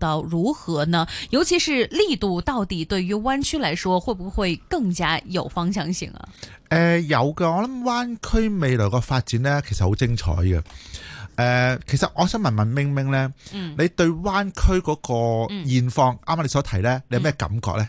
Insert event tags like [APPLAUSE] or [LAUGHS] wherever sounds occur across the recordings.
到如何呢？尤其是力度到底對於灣區來說，會不會更加有方向性啊？誒、呃，有嘅。我諗灣區未來個發展咧，其實好精彩嘅。誒、呃，其實我想問問明明咧，嗯，你對灣區嗰個現況啱啱、嗯、你所提咧，你有咩感覺咧？嗯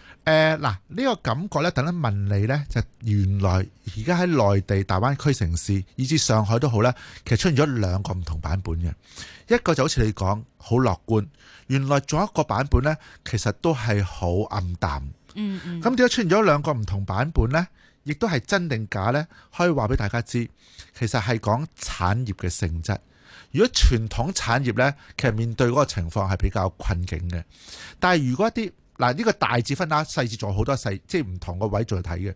誒，嗱、呃，呢、這個感覺咧，等一問你咧，就是、原來而家喺內地大灣區城市，以至上海都好呢，其實出現咗兩個唔同版本嘅，一個就好似你講，好樂觀。原來仲有一個版本呢，其實都係好暗淡。嗯嗯。咁點解出現咗兩個唔同版本呢？亦都係真定假呢？可以話俾大家知，其實係講產業嘅性質。如果傳統產業呢，其實面對嗰個情況係比較困境嘅。但係如果一啲嗱，呢個大致分啦，細節仲有好多細，即係唔同個位做嚟睇嘅。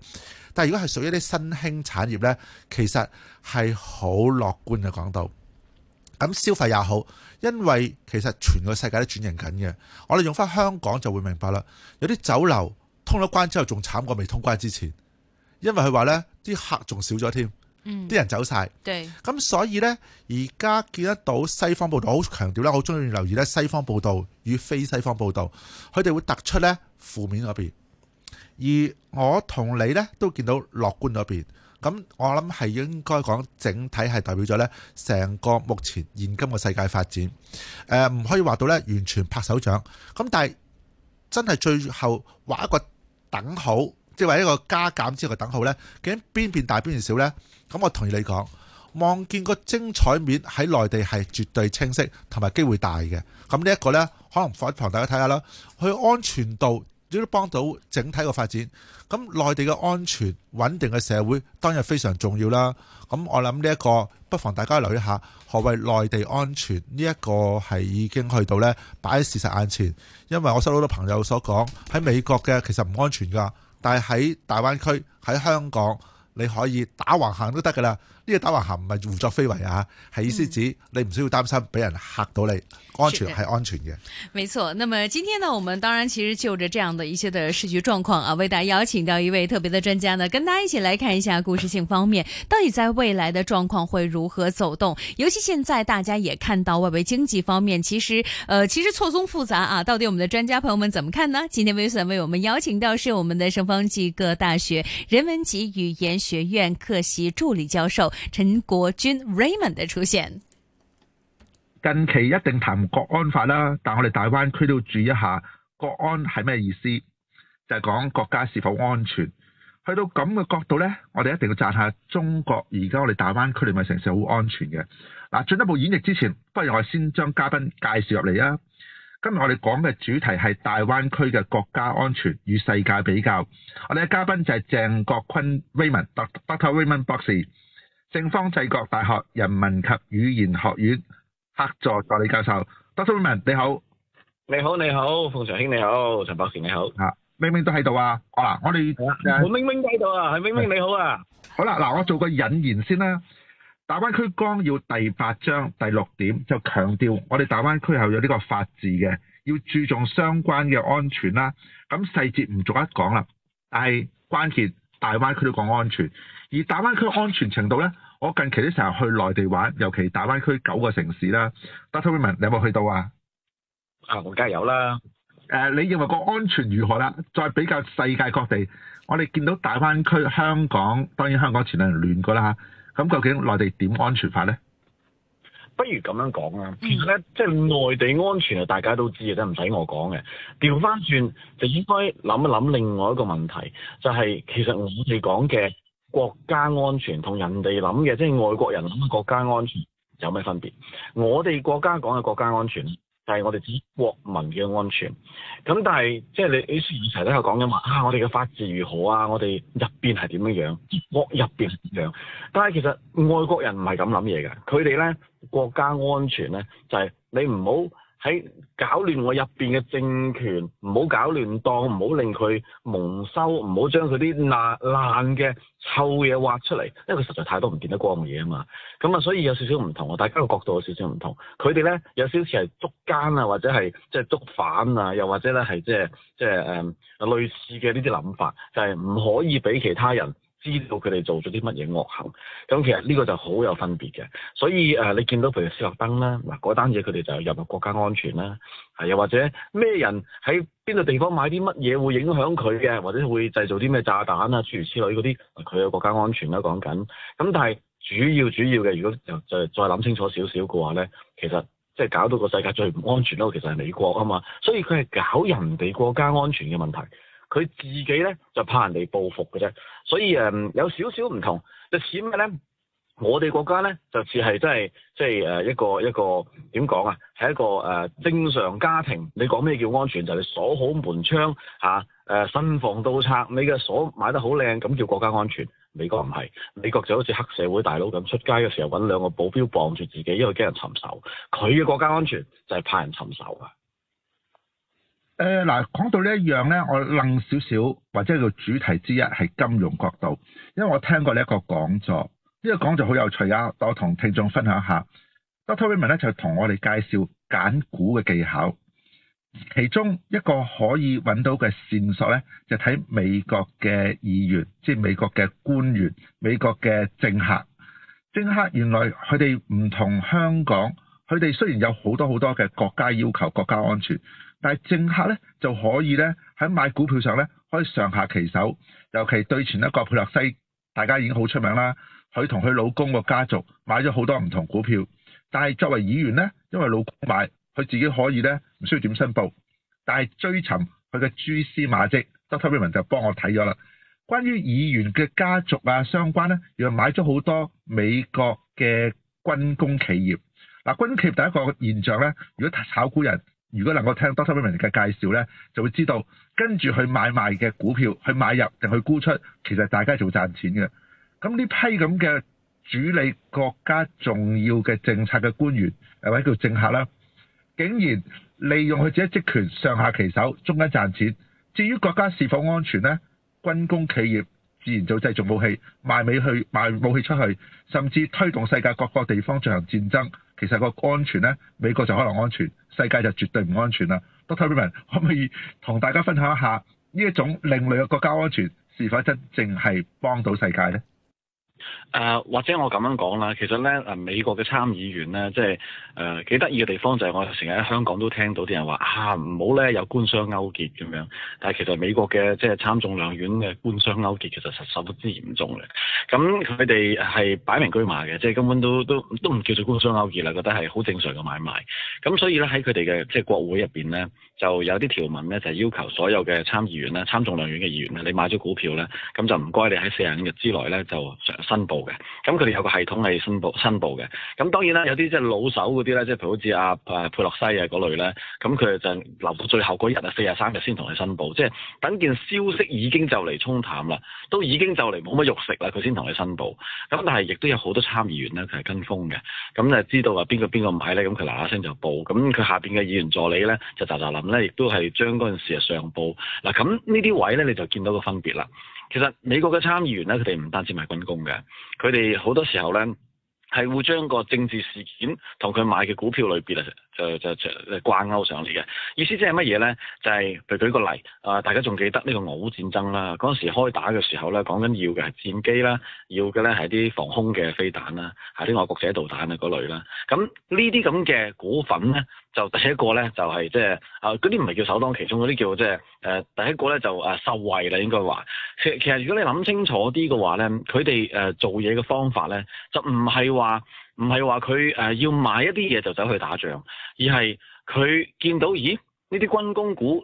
但係如果係屬於啲新興產業呢，其實係好樂觀嘅講到。咁消費也好，因為其實全個世界都轉型緊嘅。我哋用翻香港就會明白啦。有啲酒樓通咗關之後，仲慘過未通關之前，因為佢話呢啲客仲少咗添。啲人走曬，咁、嗯、所以呢，而家見得到西方報道，好強調咧，我好中意留意咧西方報道與非西方報道，佢哋會突出呢負面嗰邊，而我同你呢都見到樂觀嗰邊，咁我諗係應該講整體係代表咗呢成個目前現今嘅世界發展，誒唔可以話到呢完全拍手掌，咁但係真係最後畫一個等號。即係話一個加減之嘅等號呢，究竟邊邊大邊邊小呢？咁我同意你講望見個精彩面喺內地係絕對清晰同埋機會大嘅。咁呢一個呢，可能不妨大家睇下啦。佢安全度，亦都幫到整體個發展。咁內地嘅安全穩定嘅社會，當然非常重要啦。咁我諗呢一個，不妨大家留意下何謂內地安全呢一、這個係已經去到呢，擺喺事實眼前，因為我收到好多朋友所講喺美國嘅其實唔安全噶。但係喺大灣區，喺香港，你可以打橫行都得㗎啦。呢個打橫行唔係胡作非為啊，係意思指你唔需要擔心俾人嚇到你，嗯、安全係的安全嘅。沒錯，那麼今天呢，我們當然其實就着這樣的一些的市局狀況啊，為大家邀請到一位特別的專家呢，跟大家一起來看一下股市性方面到底在未來的狀況會如何走動。尤其現在大家也看到外圍經濟方面，其實，呃，其實錯綜複雜啊，到底我們的專家朋友們怎麼看呢？今天 Wilson 為我們邀請到是我們的聖方濟各大學人文及語言學院客席助理教授。鄭國鈞 Raymond 的出現，近期一定談國安法啦。但我哋大灣區都要注意一下，國安係咩意思？就係、是、講國家是否安全。去到咁嘅角度咧，我哋一定要讚下中國。而家我哋大灣區呢咪城市好安全嘅嗱。進一步演繹之前，不如我哋先將嘉賓介紹入嚟啊。今日我哋講嘅主題係大灣區嘅國家安全與世界比較。我哋嘅嘉賓就係鄭國鈞 Raymond Doctor Raymond 博士。聖方濟各大學人文及語言學院客席助理教授，Dr. Raymond 你好，你好你好，鳳翔兄你好，陳博士，你好，啊，明明都喺度啊，嗱，我哋我明明都喺度啊，係明明你好啊，好啦，嗱、啊啊，我做個引言先啦，大灣區綱要第八章第六點就強調我哋大灣區係有呢個法治嘅，要注重相關嘅安全啦，咁細節唔逐一講啦，但係關鍵大灣區都講安全，而大灣區安全程度咧。我近期都成日去內地玩，尤其大灣區九個城市啦。Doctor r a m o n 你有冇去到啊？啊，我梗係有啦。誒，你認為個安全如何啦？再比較世界各地，我哋見到大灣區、香港，當然香港前兩年亂過啦嚇。咁究竟內地點安全法咧？不如咁樣講啦，其實咧，即係內地安全啊，大家都知嘅，都唔使我講嘅。調翻轉就應該諗一諗另外一個問題，就係、是、其實我哋講嘅。國家安全同人哋諗嘅，即係外國人諗嘅國家安全有咩分別？我哋國家講嘅國家安全咧，就係我哋指國民嘅安全。咁但係即係你啲議題都有講緊話啊，我哋嘅法治如何啊？我哋入邊係點樣樣？國入邊係點樣？但係其實外國人唔係咁諗嘢嘅，佢哋咧國家安全咧就係、是、你唔好，喺搞亂我入邊嘅政權，唔好搞亂當，唔好令佢蒙羞，唔好將佢啲爛爛嘅臭嘢挖出嚟，因為佢實在太多唔見得光嘅嘢啊嘛。咁啊，所以有少少唔同啊，大家嘅角度有少少唔同。佢哋咧有少少係捉奸啊，或者係即係捉反啊，又或者咧係即係即係誒類似嘅呢啲諗法，就係、是、唔可以俾其他人知道佢哋做咗啲乜嘢惡行，咁其實呢個就好有分別嘅。所以誒、呃，你見到譬如斯諾登啦，嗱嗰單嘢佢哋就係入入國家安全啦，係又或者咩人喺邊度地方買啲乜嘢會影響佢嘅，或者會製造啲咩炸彈啊諸如此類嗰啲，佢嘅國家安全啦講緊。咁但係主要主要嘅，如果又再再諗清楚少少嘅話咧，其實即係搞到個世界最唔安全嗰其實係美國啊嘛，所以佢係搞人哋國家安全嘅問題。佢自己咧就怕人哋報復嘅啫，所以誒、嗯、有少少唔同。就似咩咧？我哋國家咧就似係真係即係誒一個一個點講啊？係一個誒、呃、正常家庭。你講咩叫安全？就係、你、鎖好門窗嚇誒，新、啊啊、防盜賊。你嘅鎖買得好靚，咁叫國家安全。美國唔係，美國就好似黑社會大佬咁，出街嘅時候揾兩個保鏢傍住自己，因為驚人尋仇。佢嘅國家安全就係怕人尋仇啊！誒，嗱、呃，講到呢一樣呢，我楞少少，或者叫主題之一係金融角度，因為我聽過呢一個講座，呢、呢個講座好有趣啊，我同聽眾分享下。Dr. Raymond 咧就同我哋介紹揀股嘅技巧，其中一個可以揾到嘅線索呢，就睇美國嘅議員，即係美國嘅官員、美國嘅政客。政客原來佢哋唔同香港，佢哋雖然有好多好多嘅國家要求國家安全。但係政客咧就可以咧喺買股票上咧可以上下其手，尤其對前一個佩洛西，大家已經好出名啦。佢同佢老公個家族買咗好多唔同股票，但係作為議員咧，因為老公買，佢自己可以咧唔需要點申報。但係追尋佢嘅蛛絲馬跡，Doctor Raymond 就幫我睇咗啦。關於議員嘅家族啊相關咧，原來買咗好多美國嘅軍工企業。嗱，軍工企業第一個現象咧，如果炒股人。如果能夠聽 doctor Benjamin 嘅介紹呢就會知道跟住去買賣嘅股票去買入定去沽出，其實大家就賺錢嘅。咁呢批咁嘅主理國家重要嘅政策嘅官員，或者叫政客啦，竟然利用佢自己職權上下其手，中間賺錢。至於國家是否安全呢？軍工企業自然就製造武器賣美去賣武器出去，甚至推動世界各個地方進行戰爭。其實個安全呢，美國就可能安全，世界就絕對唔安全啦。Dr. Raymond，可唔可以同大家分享一下呢一種另類嘅國家安全，是否真正係幫到世界呢？誒、呃、或者我咁樣講啦，其實咧誒美國嘅參議員咧，即係誒幾得意嘅地方就係我成日喺香港都聽到啲人話啊，唔好咧有官商勾結咁樣，但係其實美國嘅即係參眾兩院嘅官商勾結其實實受都之嚴重嘅，咁佢哋係擺明車馬嘅，即係根本都都都唔叫做官商勾結啦，覺得係好正常嘅買賣，咁所以咧喺佢哋嘅即係國會入邊咧就有啲條文咧就係、要求所有嘅參議員咧、參眾兩院嘅議員咧，你買咗股票咧，咁就唔該你喺四十五日之內咧就。申報嘅，咁佢哋有個系統係申報申報嘅，咁當然啦，有啲即係老手嗰啲咧，即係譬如好似阿誒佩洛西啊嗰類咧，咁佢就留到最後嗰日啊，四廿三日先同你申報，即係等件消息已經就嚟沖淡啦，都已經就嚟冇乜肉食啦，佢先同你申報。咁但係亦都有好多參議員咧，佢係跟風嘅，咁就知道話邊個邊個買咧，咁佢嗱嗱聲就報，咁佢下邊嘅議員助理咧就咋咋諗咧，亦都係將嗰陣時啊上報嗱，咁呢啲位咧你就見到個分別啦。其實美國嘅參議員咧，佢哋唔單止賣軍工嘅，佢哋好多時候咧，係會將個政治事件同佢買嘅股票類別啊就就就誒掛鈎上嚟嘅意思即係乜嘢咧？就係、是、佢舉個例啊、呃！大家仲記得呢個俄烏戰爭啦，嗰陣時開打嘅時候咧，講緊要嘅係戰機啦，要嘅咧係啲防空嘅飛彈啦，係啲外國製導彈啊嗰類啦。咁、嗯、呢啲咁嘅股份咧，就第一個咧就係即係啊，嗰啲唔係叫首當其衝、就是，嗰啲叫即係誒第一個咧就誒、呃、受惠啦，應該話。其其實如果你諗清楚啲嘅話咧，佢哋誒做嘢嘅方法咧，就唔係話。唔係話佢誒要買一啲嘢就走去打仗，而係佢見到咦呢啲軍工股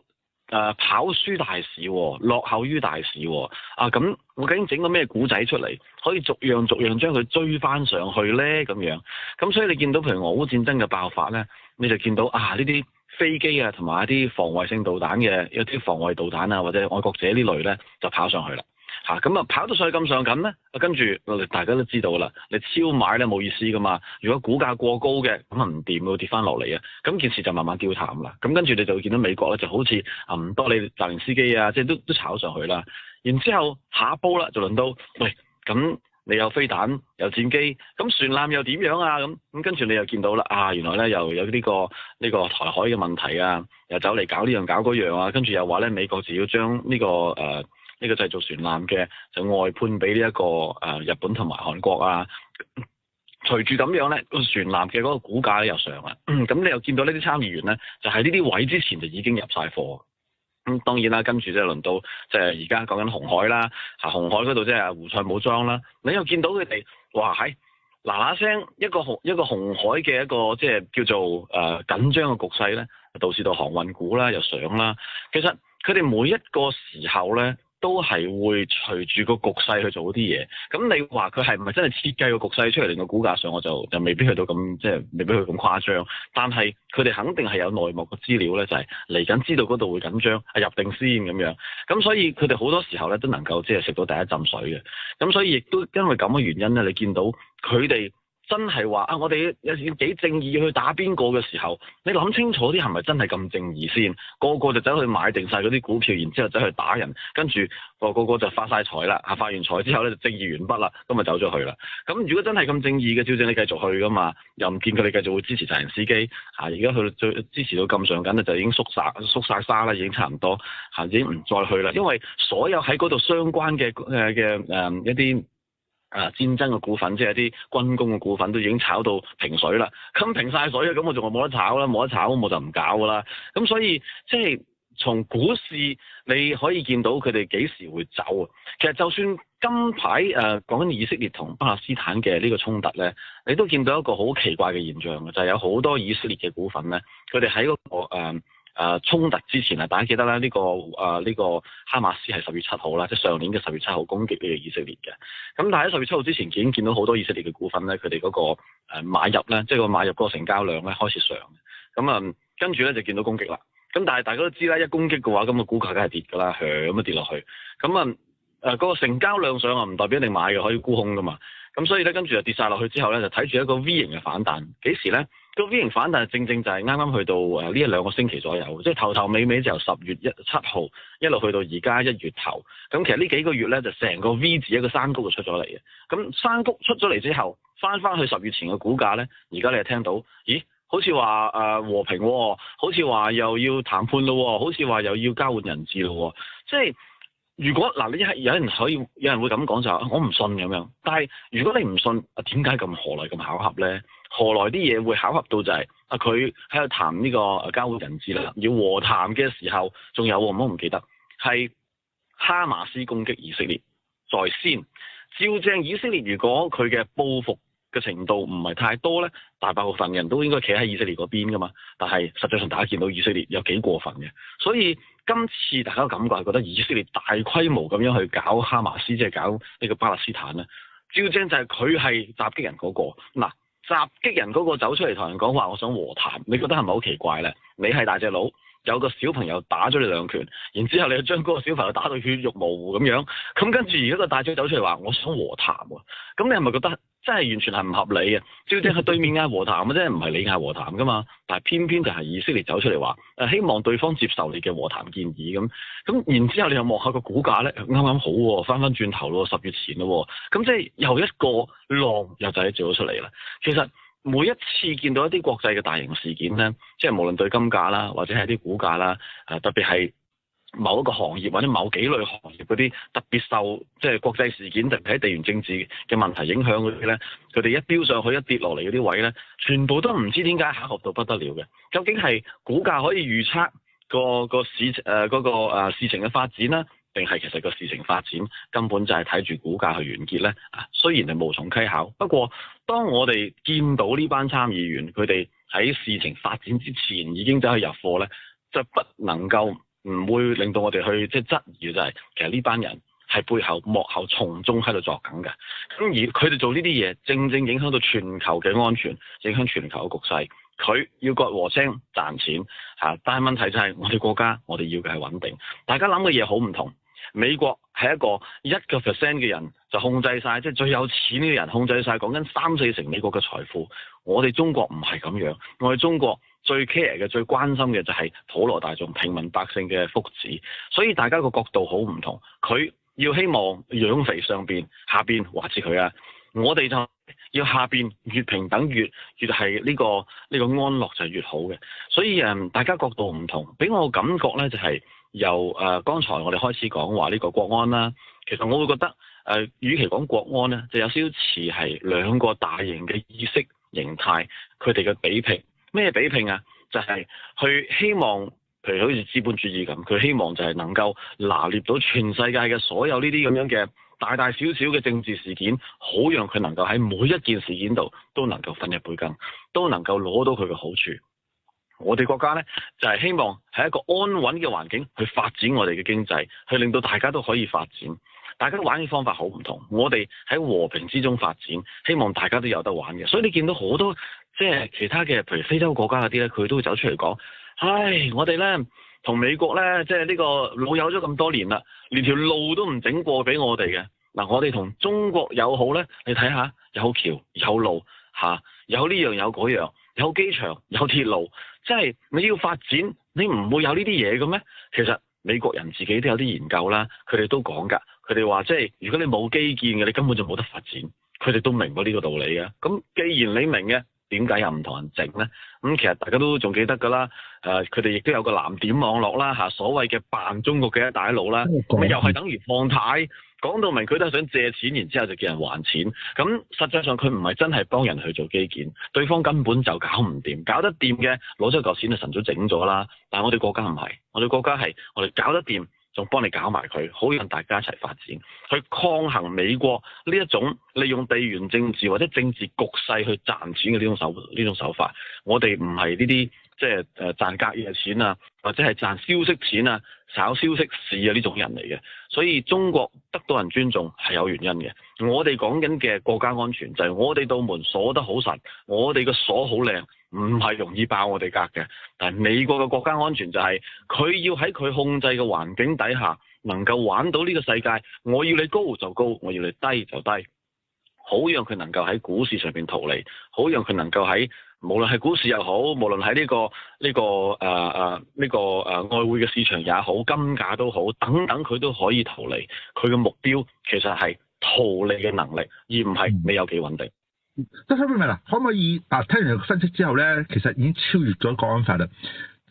誒、呃、跑輸大市，落後於大市喎啊！咁我究竟整個咩古仔出嚟，可以逐樣逐樣將佢追翻上去呢？咁樣咁所以你見到譬如俄烏戰爭嘅爆發呢，你就見到啊呢啲飛機啊同埋一啲防衛性導彈嘅有啲防衛導彈啊或者愛國者呢類呢，就跑上去啦。吓咁啊！跑到上去咁上緊咧，跟住我哋大家都知道噶啦，你超買咧冇意思噶嘛。如果股價過高嘅，咁啊唔掂咯，會跌翻落嚟啊。咁件事就慢慢消淡啦。咁、啊、跟住你就見到美國咧，就好似啊，唔、嗯、多你達令斯基啊，即係都都炒上去啦。然之後下一波啦，就輪到喂，咁你有飛彈有戰機，咁船艦又點樣啊？咁咁跟住你又見到啦，啊原來咧又有呢、這個呢、這個台海嘅問題啊，又走嚟搞呢樣搞嗰樣啊，跟住又話咧美國自要將呢、這個誒。呃呢個製造船艦嘅就外判俾呢一個誒、呃、日本同埋韓國啊，隨住咁樣咧，個船艦嘅嗰個股價咧又上啦。咁、嗯、你又見到呢啲參議員咧，就喺呢啲位之前就已經入晒貨。咁、嗯、當然啦，跟住即係輪到即係而家講緊紅海啦，啊紅海嗰度即係胡塞武裝啦，你又見到佢哋哇喺嗱嗱聲一個紅一、一個紅海嘅一個即係叫做誒、呃、緊張嘅局勢咧，導致到航運股啦又上啦。其實佢哋每一個時候咧，都係會隨住個局勢去做啲嘢，咁你話佢係唔係真係設計個局勢出嚟令個股價上，我就就未必去到咁即係未必去咁誇張。但係佢哋肯定係有內幕嘅資料咧，就係嚟緊知道嗰度會緊張，啊、入定先咁樣。咁所以佢哋好多時候咧都能夠即係食到第一浸水嘅。咁所以亦都因為咁嘅原因咧，你見到佢哋。真係話啊！我哋要要幾正義去打邊個嘅時候，你諗清楚啲係咪真係咁正義先？個個就走去買定晒嗰啲股票，然之後走去打人，跟住個個個就發晒財啦！嚇，發完財之後咧就正義完畢啦，咁咪走咗去啦。咁如果真係咁正義嘅招正你繼續去噶嘛？又唔見佢哋繼續會支持大型司機嚇。而家佢最支持到咁上緊咧，就已經縮曬縮曬沙啦，已經差唔多嚇、啊，已經唔再去啦。因為所有喺嗰度相關嘅誒嘅誒一啲。啊，戰爭嘅股份即係一啲軍工嘅股份都已經炒到平水啦，咁平晒水啦，咁我仲係冇得炒啦，冇得炒我就唔搞噶啦。咁所以即係從股市你可以見到佢哋幾時會走啊。其實就算今排誒講緊以色列同巴勒斯坦嘅呢個衝突咧，你都見到一個好奇怪嘅現象嘅，就係、是、有好多以色列嘅股份咧，佢哋喺嗰個誒。呃誒、呃、衝突之前啊，大家記得咧，呢、這個誒呢、呃這個哈馬斯係十月七號啦，即係上年嘅十月七號攻擊呢個以色列嘅。咁但係喺十月七號之前，已經見到好多以色列嘅股份咧，佢哋嗰個誒、呃、買入咧，即係個買入嗰個成交量咧開始上。咁、嗯、啊，跟住咧就見到攻擊啦。咁但係大家都知啦，一攻擊嘅話，咁、這個股價梗係跌㗎啦，響咁啊跌落去。咁啊誒嗰個成交量上啊，唔代表一定買嘅，可以沽空㗎嘛。咁、嗯、所以咧，跟住就跌晒落去之後咧，就睇住一個 V 型嘅反彈，幾時咧？個 V 型反彈正正就係啱啱去到誒呢一兩個星期左右，即係頭頭尾尾就由十月一七號一路去到而家一月頭。咁其實呢幾個月咧，就成個 V 字一個山谷就出咗嚟嘅。咁山谷出咗嚟之後，返返去十月前嘅股價咧，而家你就聽到，咦？好似話誒和平喎、哦，好似話又要談判咯、哦，好似話又要交換人質咯、哦，即係。如果嗱，你係有人可以，有人會咁講就話、是、我唔信咁樣。但係如果你唔信，點解咁何來咁巧合咧？何來啲嘢會巧合到就係、是、啊？佢喺度談呢個啊交換人質啦，要和談嘅時候，仲有唔好唔記得係哈馬斯攻擊以色列在先，照正以色列如果佢嘅報復。嘅程度唔係太多呢，大部分人都應該企喺以色列嗰邊噶嘛。但係實際上大家見到以色列有幾過分嘅，所以今次大家感覺係覺得以色列大規模咁樣去搞哈馬斯，即係搞呢個巴勒斯坦咧，最正就係佢係襲擊人嗰個嗱，襲擊人嗰個走出嚟同人講話，我想和談，你覺得係咪好奇怪呢？你係大隻佬？有個小朋友打咗你兩拳，然之後你就將嗰個小朋友打到血肉模糊咁樣，咁跟住而家個大嘴走出嚟話，我想和談喎，咁你係咪覺得真係完全係唔合理嘅？照 [LAUGHS] 正係對面嗌和談嘅啫，唔係你嗌和談噶嘛，但係偏偏就係以色列走出嚟話，誒、呃、希望對方接受你嘅和談建議咁，咁然之後你又望下個股價咧，啱啱好喎，啊，翻翻轉頭咯，十月前咯，啊，咁，嗯，即係又一個浪又就做咗出嚟啦，其實。每一次見到一啲國際嘅大型事件咧，即係無論對金價啦，或者係啲股價啦，誒、呃、特別係某一個行業或者某幾類行業嗰啲特別受即係、就是、國際事件特別喺地緣政治嘅問題影響咧，佢哋一飆上去一跌落嚟嗰啲位咧，全部都唔知點解巧合到不得了嘅。究竟係股價可以預測、嗰個、嗰個市誒嗰、呃嗰個、呃、事情嘅發展咧？定係其實個事情發展根本就係睇住股價去完結咧啊！雖然係無從稽考，不過當我哋見到呢班參議員佢哋喺事情發展之前已經走去入貨咧，就不能夠唔會令到我哋去即係質疑就係其實呢班人係背後幕後從中喺度作梗嘅。咁而佢哋做呢啲嘢，正正影響到全球嘅安全，影響全球嘅局勢。佢要割禾青賺錢嚇，但係問題就係我哋國家，我哋要嘅係穩定。大家諗嘅嘢好唔同。美國係一個一個 percent 嘅人就控制晒，即係最有錢嘅人控制晒，講緊三四成美國嘅財富。我哋中國唔係咁樣，我哋中國最 care 嘅、最關心嘅就係普羅大眾、平民百姓嘅福祉。所以大家個角度好唔同，佢要希望養肥上邊，下邊話事佢啊。我哋就要下邊越平等越越係呢個呢個安樂就越好嘅。所以誒，大家角度唔同，俾我感覺咧就係。由誒，剛才我哋開始講話呢個國安啦，其實我會覺得誒，與其講國安呢，就有少少似係兩個大型嘅意識形態，佢哋嘅比拼咩比拼啊？就係佢希望，譬如好似資本主義咁，佢希望就係能夠拿捏到全世界嘅所有呢啲咁樣嘅大大小小嘅政治事件，好讓佢能夠喺每一件事件度都能夠分一杯羹，都能夠攞到佢嘅好處。我哋國家呢，就係希望喺一個安穩嘅環境去發展我哋嘅經濟，去令到大家都可以發展。大家玩嘅方法好唔同，我哋喺和平之中發展，希望大家都有得玩嘅。所以你見到好多即係其他嘅，譬如非洲國家嗰啲呢，佢都會走出嚟講，唉，我哋呢，同美國呢，即係呢個老友咗咁多年啦，連條路都唔整過畀我哋嘅。嗱，我哋同中國友好呢，你睇下有橋有路嚇，有呢樣有嗰樣。有機場，有鐵路，即係你要發展，你唔會有呢啲嘢嘅咩？其實美國人自己都有啲研究啦，佢哋都講㗎，佢哋話即係如果你冇基建嘅，你根本就冇得發展。佢哋都明白呢個道理嘅。咁既然你明嘅。點解又唔同人整呢？咁其實大家都仲記得㗎啦。誒、呃，佢哋亦都有個藍點網絡啦，嚇所謂嘅扮中國嘅一帶路啦，咁又係等於放貸。講到明佢都係想借錢，然之後就叫人還錢。咁、嗯、實際上佢唔係真係幫人去做基建，對方根本就搞唔掂，搞得掂嘅攞咗嚿錢就神早整咗啦。但係我哋國家唔係，我哋國家係我哋搞得掂。仲幫你搞埋佢，好讓大家一齊發展，去抗衡美國呢一種利用地緣政治或者政治局勢去賺錢嘅呢種手呢種手法。我哋唔係呢啲即係誒賺隔夜錢啊，或者係賺消息錢啊。炒消息市啊，呢種人嚟嘅，所以中國得到人尊重係有原因嘅。我哋講緊嘅國家安全就係我哋道門鎖得好實，我哋個鎖好靚，唔係容易爆我哋格嘅。但係美國嘅國家安全就係、是、佢要喺佢控制嘅環境底下，能夠玩到呢個世界。我要你高就高，我要你低就低，好讓佢能夠喺股市上面逃離，好讓佢能夠喺。無論係股市又好，無論喺呢個呢、呢個誒誒呢個誒外匯嘅市場也好，金價都好，等等佢都可以逃離。佢嘅目標其實係逃離嘅能力，而唔係你有幾穩定。咁可唔可可唔可以？嗱、okay，啊，聽完分析之後呢，其實已經超越咗國安法啦。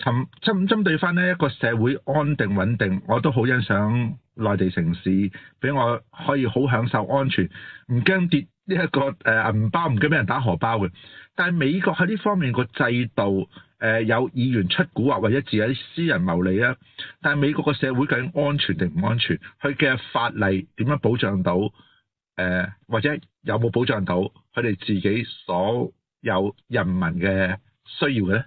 針針針對翻呢一個社會安定穩定，我都好欣賞內地城市，俾我可以好享受安全，唔驚跌呢一個誒銀包，唔驚俾人打荷包嘅。但係美國喺呢方面個制度，誒、呃、有議員出鼓惑或者自己私人牟利啊！但係美國個社會究竟安全定唔安全？佢嘅法例點樣保障到誒、呃，或者有冇保障到佢哋自己所有人民嘅需要嘅咧？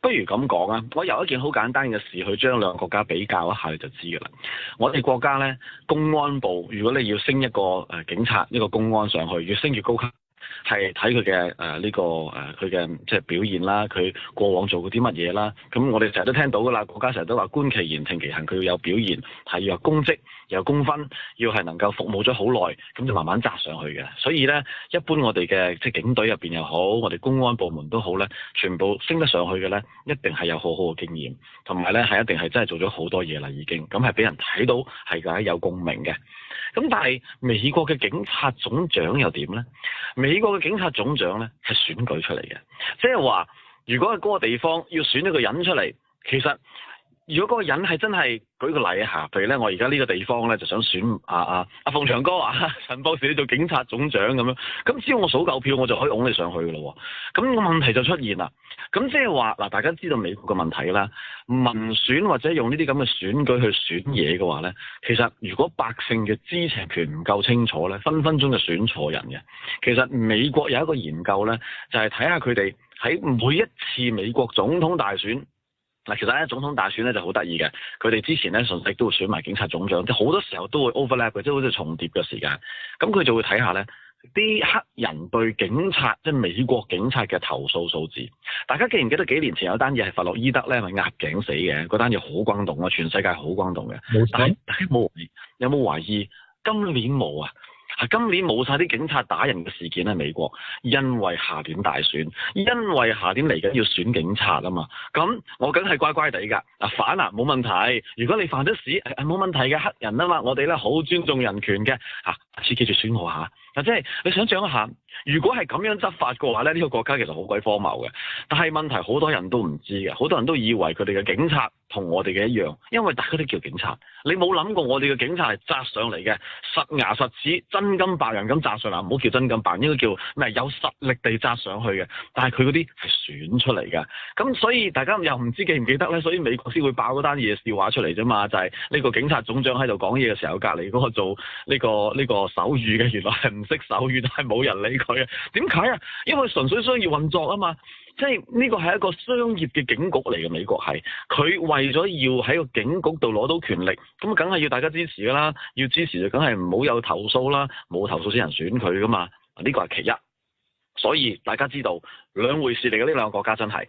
不如咁講啊！我有一件好簡單嘅事去將兩個國家比較一下就知㗎啦。我哋國家咧公安部，如果你要升一個誒警察一個公安上去，越升越高級。係睇佢嘅誒呢個誒佢嘅即係表現啦，佢過往做過啲乜嘢啦？咁我哋成日都聽到㗎啦，國家成日都話觀其言聽其行，佢要有表現，係要有功績，有功勳，要係能夠服務咗好耐，咁就慢慢擲上去嘅。所以咧，一般我哋嘅即係警隊入邊又好，我哋公安部門都好咧，全部升得上去嘅咧，一定係有好好嘅經驗，同埋咧係一定係真係做咗好多嘢啦已經，咁係俾人睇到係㗎有共鳴嘅。咁但係美國嘅警察總長又點咧？美美國嘅警察總長咧係選舉出嚟嘅。即係話如果係嗰個地方要選一個人出嚟，其實。如果嗰個人係真係舉個例下，譬如咧，我而家呢個地方咧就想選阿阿阿鳳翔哥啊，啊，陳博士做警察總長咁樣，咁只要我數夠票，我就可以擁你上去㗎咯。咁個問題就出現啦。咁即係話嗱，大家知道美國嘅問題啦，民選或者用呢啲咁嘅選舉去選嘢嘅話咧，其實如果百姓嘅知情權唔夠清楚咧，分分鐘就選錯人嘅。其實美國有一個研究咧，就係睇下佢哋喺每一次美國總統大選。嗱，其實咧總統大選咧就好得意嘅，佢哋之前咧純粹都會選埋警察總長，即好多時候都會 overlap，即係好似重疊嘅時間。咁佢就會睇下咧，啲黑人對警察即係美國警察嘅投訴數字。大家記唔記得幾年前有單嘢係佛洛伊德咧係壓頸死嘅？嗰單嘢好轟動啊，全世界好轟動嘅。冇錯。但係大家冇有冇懷，懷疑？今年冇啊？今年冇晒啲警察打人嘅事件咧，美國，因為下年大選，因為下年嚟緊要選警察啊嘛，咁我梗係乖乖哋噶，嗱，反啊冇問題。如果你犯咗事冇問題嘅，黑人啊嘛，我哋咧好尊重人權嘅，嚇、啊，下次記住選我下，嗱即係你想想一下，如果係咁樣執法嘅話咧，呢、這個國家其實好鬼荒謬嘅，但係問題好多人都唔知嘅，好多人都以為佢哋嘅警察。同我哋嘅一樣，因為大家都叫警察，你冇諗過我哋嘅警察係紮上嚟嘅，實牙實齒、真金白銀咁紮上嚟，唔好叫真金白，應該叫嗱有實力地紮上去嘅。但係佢嗰啲係選出嚟嘅，咁所以大家又唔知記唔記得呢？所以美國先會爆嗰單嘢笑話出嚟啫嘛，就係、是、呢個警察總長喺度講嘢嘅時候，隔離嗰個做呢、這個呢、這個手語嘅，原來係唔識手語，但係冇人理佢，點解啊？因為純粹商業運作啊嘛。即係呢個係一個商業嘅警局嚟嘅，美國係佢為咗要喺個警局度攞到權力，咁梗係要大家支持㗎啦，要支持就梗係唔好有投訴啦，冇投訴先人選佢㗎嘛，呢個係其一，所以大家知道兩回事嚟嘅。呢兩個國家真係，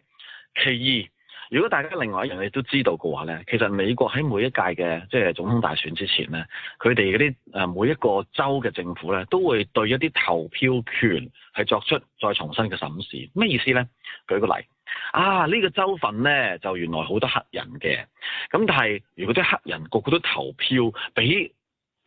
其二。如果大家另外一樣嘢都知道嘅話呢，其實美國喺每一屆嘅即係總統大選之前呢，佢哋嗰啲誒每一個州嘅政府呢，都會對一啲投票權係作出再重新嘅審視。咩意思呢？舉個例啊，呢、這個州份呢，就原來好多黑人嘅，咁但係如果啲黑人個個都投票，俾誒、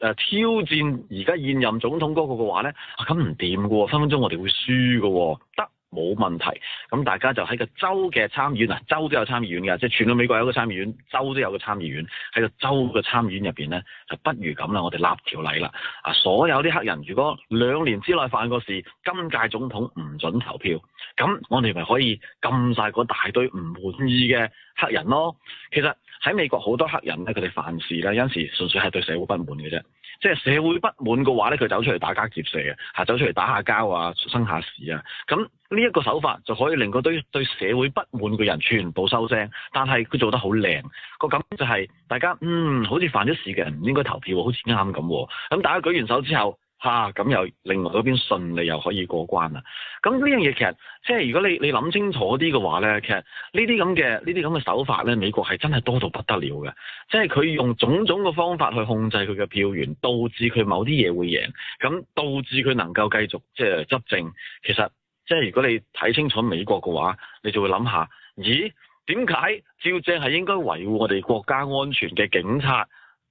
呃、挑戰而家現任總統嗰個嘅話呢，咁唔掂嘅喎，分分鐘我哋會輸㗎喎，得。冇問題，咁大家就喺個州嘅參議院啊，州都有參議院嘅，即係全個美國有一個參議院，州都有個參議院，喺個州嘅參議院入邊呢，就不如咁啦，我哋立條例啦，啊，所有啲黑人如果兩年之內犯過事，今屆總統唔准投票，咁我哋咪可以禁晒嗰大堆唔滿意嘅黑人咯。其實喺美國好多黑人咧，佢哋犯事咧，有陣時純粹係對社會不滿嘅啫。即係社會不滿嘅話咧，佢走出嚟打家劫舍嘅，嚇走出嚟打下交啊，生下事啊，咁呢一個手法就可以令嗰堆對，對社會不滿嘅人全部收聲。但係佢做得好靚，個感覺就係、是、大家嗯，好似犯咗事嘅人唔應該投票，好似啱啱咁。咁、啊、大家舉完手之後。吓，咁、啊、又另外嗰邊順利又可以過關啦。咁呢樣嘢其實即係如果你你諗清楚啲嘅話咧，其實呢啲咁嘅呢啲咁嘅手法咧，美國係真係多到不得了嘅，即係佢用種種嘅方法去控制佢嘅票源，導致佢某啲嘢會贏，咁導致佢能夠繼續即係執政。其實即係如果你睇清楚美國嘅話，你就會諗下，咦？點解照正係應該維護我哋國家安全嘅警察，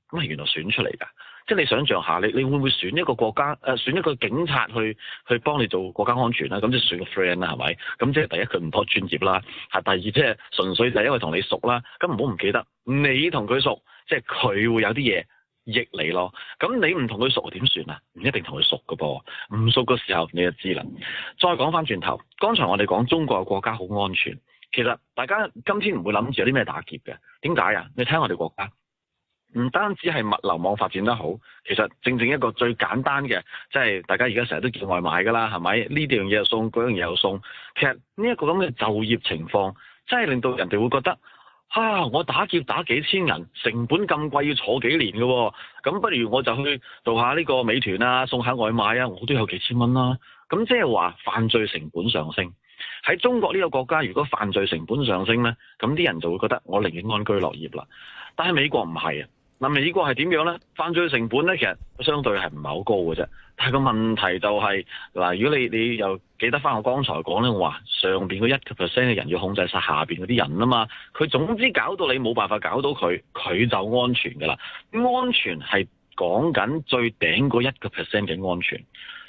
咁係原來選出嚟噶？即係你想象下，你你會唔會選一個國家？誒、呃，選一個警察去去幫你做國家安全咧？咁即係選個 friend 啦，係咪？咁即係第一，佢唔多專業啦。係第二，即係純粹就係因為同你熟啦。咁唔好唔記得，你同佢熟，即係佢會有啲嘢益你咯。咁你唔同佢熟點算啊？唔一定同佢熟㗎噃，唔熟嘅時候你就知啦。再講翻轉頭，剛才我哋講中國嘅國家好安全，其實大家今天唔會諗住有啲咩打劫嘅。點解啊？你聽我哋國家。唔單止係物流網發展得好，其實正正一個最簡單嘅，即係大家而家成日都叫外賣㗎啦，係咪？呢樣嘢又送，嗰樣嘢又送。其實呢一個咁嘅就業情況，真係令到人哋會覺得，啊，我打劫打幾千人，成本咁貴要坐幾年嘅，哦，咁不如我就去做下呢個美團啊，送下外賣啊，我都有幾千蚊啦，啊。咁即係話犯罪成本上升喺中國呢個國家，如果犯罪成本上升呢，咁啲人就會覺得我寧願安居樂業啦。但係美國唔係啊。咁呢個係點樣呢？犯罪成本呢，其實相對係唔係好高嘅啫。但係個問題就係、是、嗱，如果你你又記得翻我剛才講呢話，上邊嗰一個 percent 嘅人要控制晒下邊嗰啲人啊嘛。佢總之搞到你冇辦法搞到佢，佢就安全噶啦。安全係講緊最頂嗰一個 percent 嘅安全。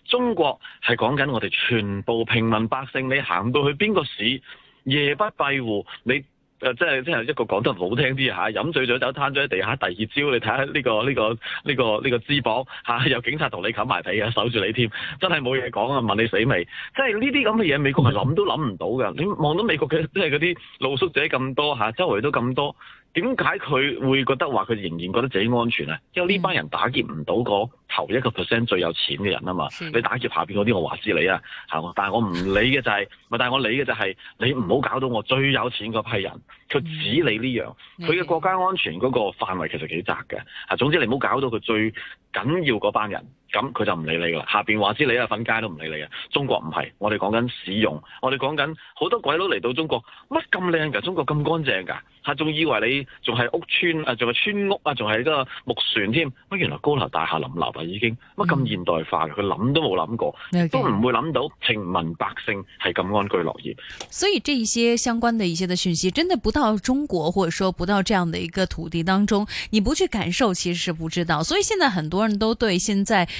中國係講緊我哋全部平民百姓，你行到去邊個市，夜不閉戶，你。誒，即係即係一個講得唔好聽啲啊，嚇，飲醉醉酒攤咗喺地下，第二朝你睇下呢個呢、呢個呢、呢個呢、呢個資榜嚇、啊，有警察同你冚埋被，嘅，守住你添，真係冇嘢講啊！問你死未？即係呢啲咁嘅嘢，美國係諗都諗唔到嘅。你望到美國嘅，即係嗰啲露宿者咁多嚇，周圍都咁多。點解佢會覺得話佢仍然覺得自己安全咧？因為呢班人打劫唔到個頭一個 percent 最有錢嘅人啊嘛，的你打劫下邊嗰啲我話知你啊，係嘛？但係我唔理嘅就係、是， [LAUGHS] 但係我理嘅就係你唔好搞到我最有錢嗰批人，佢指你呢樣，佢嘅、嗯、國家安全嗰個範圍其實幾窄嘅。啊，總之你唔好搞到佢最緊要嗰班人。咁佢就唔理你噶啦，下邊話知你啊，瞓街都唔理你啊。中國唔係，我哋講緊市容，我哋講緊好多鬼佬嚟到中國乜咁靚噶，中國咁乾淨噶，吓仲以為你仲係屋邨啊，仲係村屋啊，仲係個木船添乜、啊？原來高樓大廈林立啊，已經乜咁現代化嘅，佢諗、嗯、都冇諗過，都唔會諗到平民百姓係咁安居樂業。嗯、所以，這一些相關的一些的訊息，真的不到中國，或者說不到這樣的一個土地當中，你不去感受，其實是不知道。所以，現在很多人都對現在。